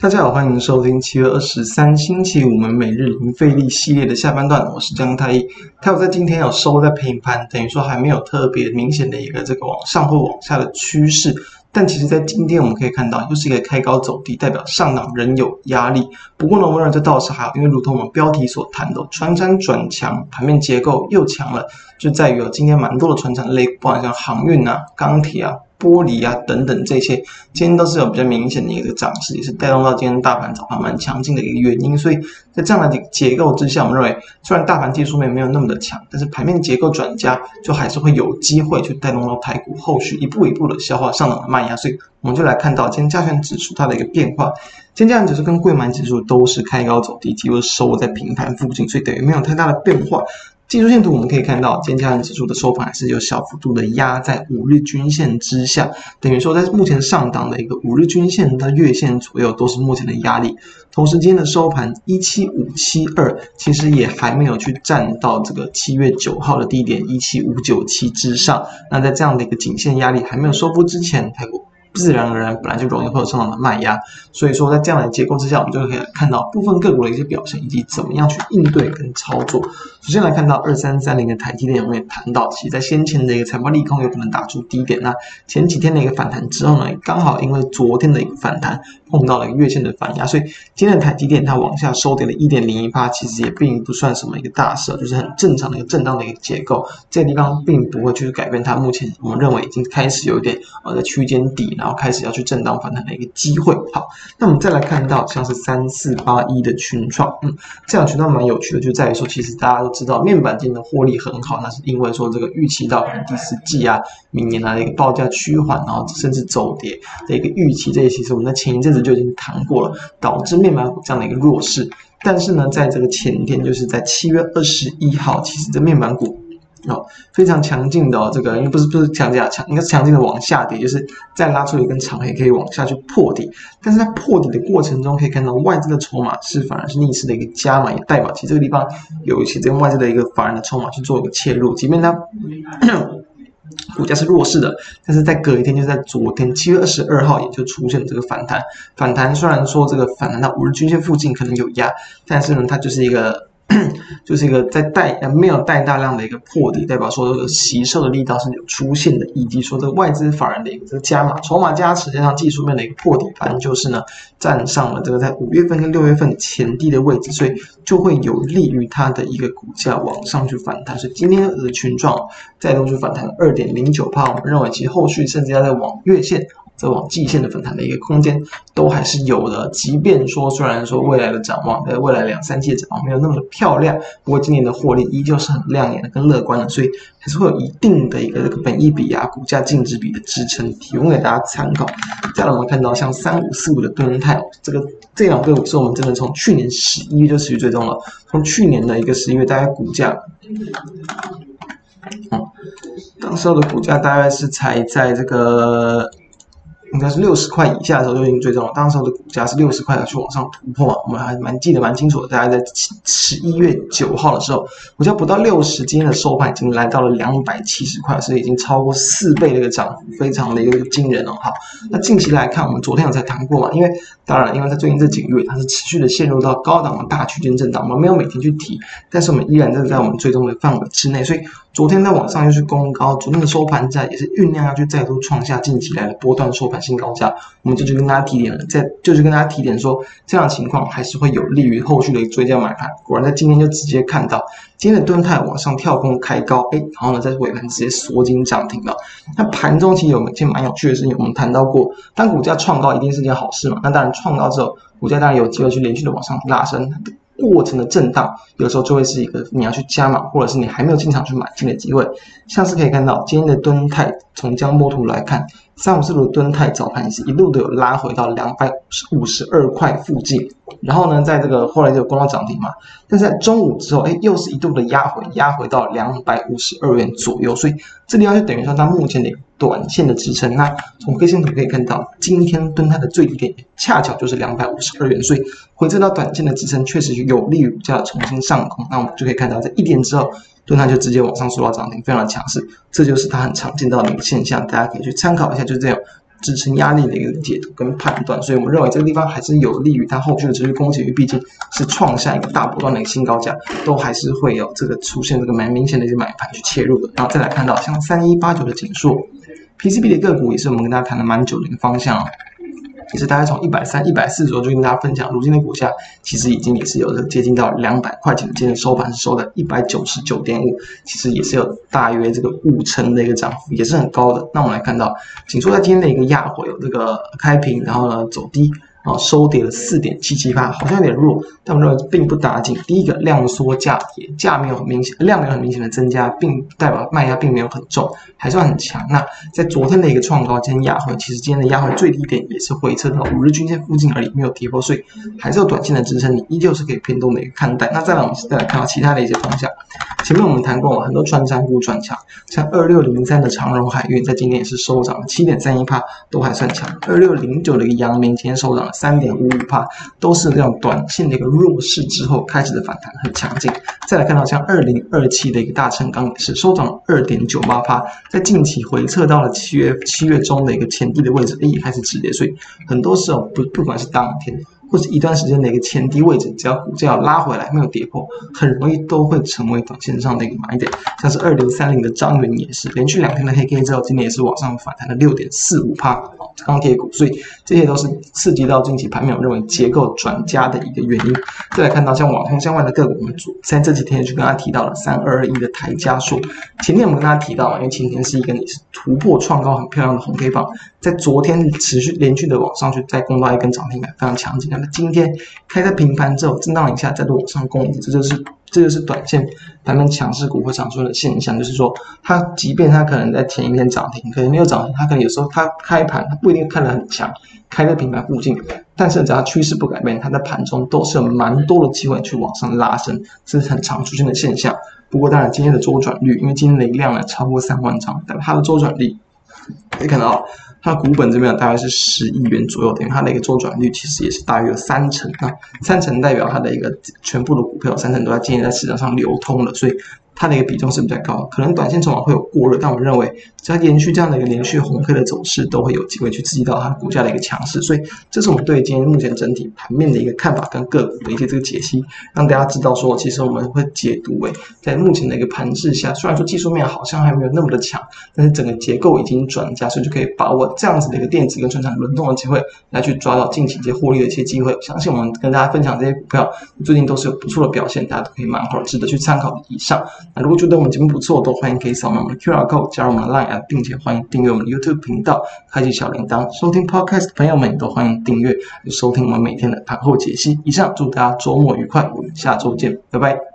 大家好，歡迎收聽七月二十三星期五，我們每日零費力系列的下半段，我是江太一。他有在今天有收在平盤，等於說還沒有特別明顯的一個這個往上或往下的趨勢。但其實，在今天我們可以看到，又、就是一個開高走低，代表上檔仍有壓力。不過呢，我認為這倒是還好，因為如同我們標題所談的，傳產轉強，盤面結構又強了，就在於有今天蠻多的傳產類股，包含像航運啊、鋼鐵啊。玻璃啊，等等這些，今天都是有比較明顯的一個漲勢，也是帶動到今天大盤早盤蠻強勁的一個原因。所以在這樣的結構之下，我們認為雖然大盤技術面沒有那麼的強，但是盤面結構轉佳，就還是會有機會去帶動到台股後續一步一步的消化上漲的賣壓。所以我們就來看到今天加權指數它的一個變化，今天加權指數跟櫃買指數都是開高走低，幾乎收在平盤附近，所以等於沒有太大的變化。技術線圖我們可以看到，今天加權指數的收盤還是有小幅度的壓在五日均線之下，等於說在目前上檔的一個五日均線，它月線左右都是目前的壓力。同時，今天的收盤一七五七二，其實也還沒有去站到這個七月九號的低點一七五九七之上。那在這樣的一個頸線壓力還沒有收復之前，自然而然本來就容易會有上漲的賣壓，所以說在這樣的結構之下，我們就可以看到部分個股的一些表現以及怎麼樣去應對跟操作。首先來看到二三三零的台積電，我們也談到，其實在先前的一個財報利空有可能打出低點，那前幾天的一個反彈之後呢，剛好因為昨天的一個反彈。碰到了一個月線的反壓，所以今天的台積電它往下收跌了一點零一八，其實也並不算什麼一個大事，啊、就是很正常的一個震盪的一個結構。這個地方並不會去改變它目前我們認為已經開始有一點呃在區間底，然後開始要去震盪反彈的一個機會。好，那我們再來看到像是三四八一的群創，嗯，這檔群創蠻有趣的，就在於說其實大家都知道面板金的獲利很好，那是因為說這個預期到第四季啊，明年來、啊、的一個報價趨緩，然後甚至走跌的一個預期，這一其實我們在前一陣子。就已經談過了，導致面板股這樣的一個弱勢。但是呢，在這個前天，就是在七月二十一號，其實這面板股啊、哦、非常強勁的、哦，這個因為不是不是強勁啊，強，應該是強勁的往下跌，就是再拉出一個根長黑可以往下去破底。但是在破底的過程中，可以看到外資的籌碼是反而是逆勢的一個加碼，也代表其實這個地方有一些這外資的一個法人的籌碼去做一個切入，即便它。股價是弱勢的，但是在隔一天，就在昨天七月二十二號，也就出現了這個反彈。反彈雖然說這個反彈到五日均線附近可能有壓，但是呢，它就是一個。 就是一個在帶呃沒有帶大量的一個破底，代表說這個吸收的力道是有出現的，以及說這個外資法人的一個、這個、加碼籌碼加持，加上技術面的一個破底，反正就是呢，站上了這個在五月份跟六月份前低的位置，所以就會有利於它的一個股價往上去反彈。所以今天的群狀再度去反彈2.09%，我們認為其實後續甚至要在往月線。在往季線的反彈的一個空間都還是有的，即便說雖然說未來的展望在未來兩三季展望沒有那麼的漂亮，不過今年的獲利依舊是很亮眼的、跟樂觀的，所以還是會有一定的一個這個本益比啊、股價淨值比的支撐，提供給大家參考。再來，我們看到像三五四五的敦泰，這個這兩個股是我們真的從去年十一月就持續追蹤了，從去年的一個十一月，大概股價，嗯，當時候的股價大概是才在這個。應該是六十塊以下的時候就已經追蹤了，當時我的股價是六十塊要去往上突破嘛，我們還蠻記得蠻清楚的。大概在十一月九號的時候，股價不到六十，今天的收盤已經來到了兩百七十塊，所以已經超過四倍的一個漲幅，非常的一個驚人哦。好，那近期來看，我們昨天有在談過嘛？因為當然，因為在最近這幾個月，它是持續的陷入到高檔的大區間震盪，我們沒有每天去提，但是我們依然正在，在我們追蹤的範圍之內。所以昨天在往上又是攻高，昨天的收盤價也是醞釀要去再度創下近期來的波段收盤。新高價，我們就去跟大家提點了，在就去跟大家提點說，這樣的情況還是會有利於後續的追價買盤。果然，在今天就直接看到今天的敦泰往上跳空開高，哎、然後呢，在尾盤直接鎖進漲停了。那盤中其實有件蠻有趣的事情，我們談到過，當股價創高一定是件好事嘛？那當然創高之後，股價當然有機會去連續的往上拉升，過程的震盪，有時候就會是一個你要去加碼，或者是你還沒有進場去買進的、這個、機會。像是可以看到今天的敦泰從江波圖來看。三五四六敦泰早盤也是一路都有拉回到兩百五十二塊附近，然後呢，在這個後來就有攻到漲停嘛，但是在中午之後，哎，又是一度的壓回，壓回到兩百五十二元左右，所以這裡要就等於說它目前的短線的支撐。那從 K 線圖可以看到，今天敦泰的最低點恰巧就是兩百五十二元，所以回撤到短線的支撐確實有利於股價重新上攻。那我們就可以看到，在一點之後。所以它就直接往上鎖到漲停，非常強勢，這就是它很常見到的一個現象，大家可以去參考一下，就這樣支撐壓力的一個解讀跟判斷。所以我們認為這個地方還是有利於它後續的持續攻擊，因為畢竟是創下一個大波段的一個新高價，都還是會有這個出現這個蠻明顯的一些買盤去切入的。然後再來看到像三一八九的景碩，PCB 的個股也是我們跟大家談了蠻久的一個方向。也是大概從一百三、一百四左右，就跟大家分享，如今的股價其實已經也是有着接近到兩百塊錢的今日收盤，收的一百九十九點五，其實也是有大約這個五成的一個漲幅，也是很高的。那我們來看到，請說在今天的一個亞火，有這個開平，然後呢走低。啊，收跌了四點七七趴，好像有點弱，但我認為並不打緊。第一個量縮價跌價沒有很明顯，量沒有很明顯的增加，並代表賣壓並沒有很重，還算很強。那在昨天的一個創高今天壓回，其實今天的壓回最低點也是回撤到五日均線附近而已，沒有跌破，所以還是有短線的支撐，你依舊是可以偏多的一個看待。那再來我們再來看到其他的一些方向，前面我們談過很多傳產股轉強，像二六零三的長榮海運在今天也是收漲七點三一趴，都還算強。二六零九的一個陽明今天收漲了。三點五五帕，都是這樣，短線的一個弱勢之後開始的反彈很強勁。再來看到像二零二七的一個大成鋼也是收漲二點九八帕，在近期回撤到了七月七月中的一個前低的位置，一開始止跌。所以很多時候不，不管是當天或者一段時間的一個前低位置，只要股價拉回來沒有跌破，很容易都會成為短線上的一個買點。像是二零三零的彰源也是連續兩天的黑 K 之後，今天也是往上反彈了六點四五帕。鋼鐵股，所以這些都是刺激到近期盤面，我認為結構轉佳的一個原因。再來看到像網通相關的個股，我們昨在這幾天去跟大家提到了三二二一的台嘉碩。前天我們跟大家提到了，因為前天是一根也是突破創高很漂亮的紅 K 棒，在昨天持續連續的往上去再攻到一根漲停板非常強勁。那麼今天開在平盤之後震盪一下，再度往上攻，這就是。這就是短線盤面強勢股會常出現的現象，就是說，它即便它可能在前一天漲停，可能沒有漲停，它可能有時候它開盤它不一定看得很強，開在平盤附近，但是只要趨勢不改變，它在盤中都是有蠻多的機會去往上拉升，這是很常出現的現象。不過，當然今天的周轉率，因為今天的一個量呢超過三萬張，但它的周轉率可以看到。它股本這邊大概是十億元左右，等於它的一個周轉率其實也是大約有三成啊，那三成代表它的一個全部的股票，三成都在今年在市場上流通了，所以，它的一個比重是比較高的，可能短線往往會有過熱，但我們認為只要延續這樣的一個連續紅黑的走勢，都會有機會去刺激到它的股價的一個強勢。所以，這是我們對今天目前整體盤面的一個看法跟個股的一些這個解析，讓大家知道說，其實我們會解讀為，在目前的一個盤勢下，雖然說技術面好像還沒有那麼的強，但是整個結構已經轉佳，所以就可以把握這樣子的一個電子跟傳產輪動的機會來去抓到近期一些獲利的一些機會。相信我們跟大家分享這些股票，最近都是有不錯的表現，大家都可以蠻好，值得去參考以上。如果覺得我們節目不錯，都歡迎可以掃描我們的 QR code 加入我們的 LINE，啊，並且歡迎訂閱我們的 YouTube 頻道，開啟小鈴鐺。收聽 Podcast 的朋友們也都歡迎訂閱，收聽我們每天的盤後解析。以上，祝大家週末愉快，我們下週見，拜拜。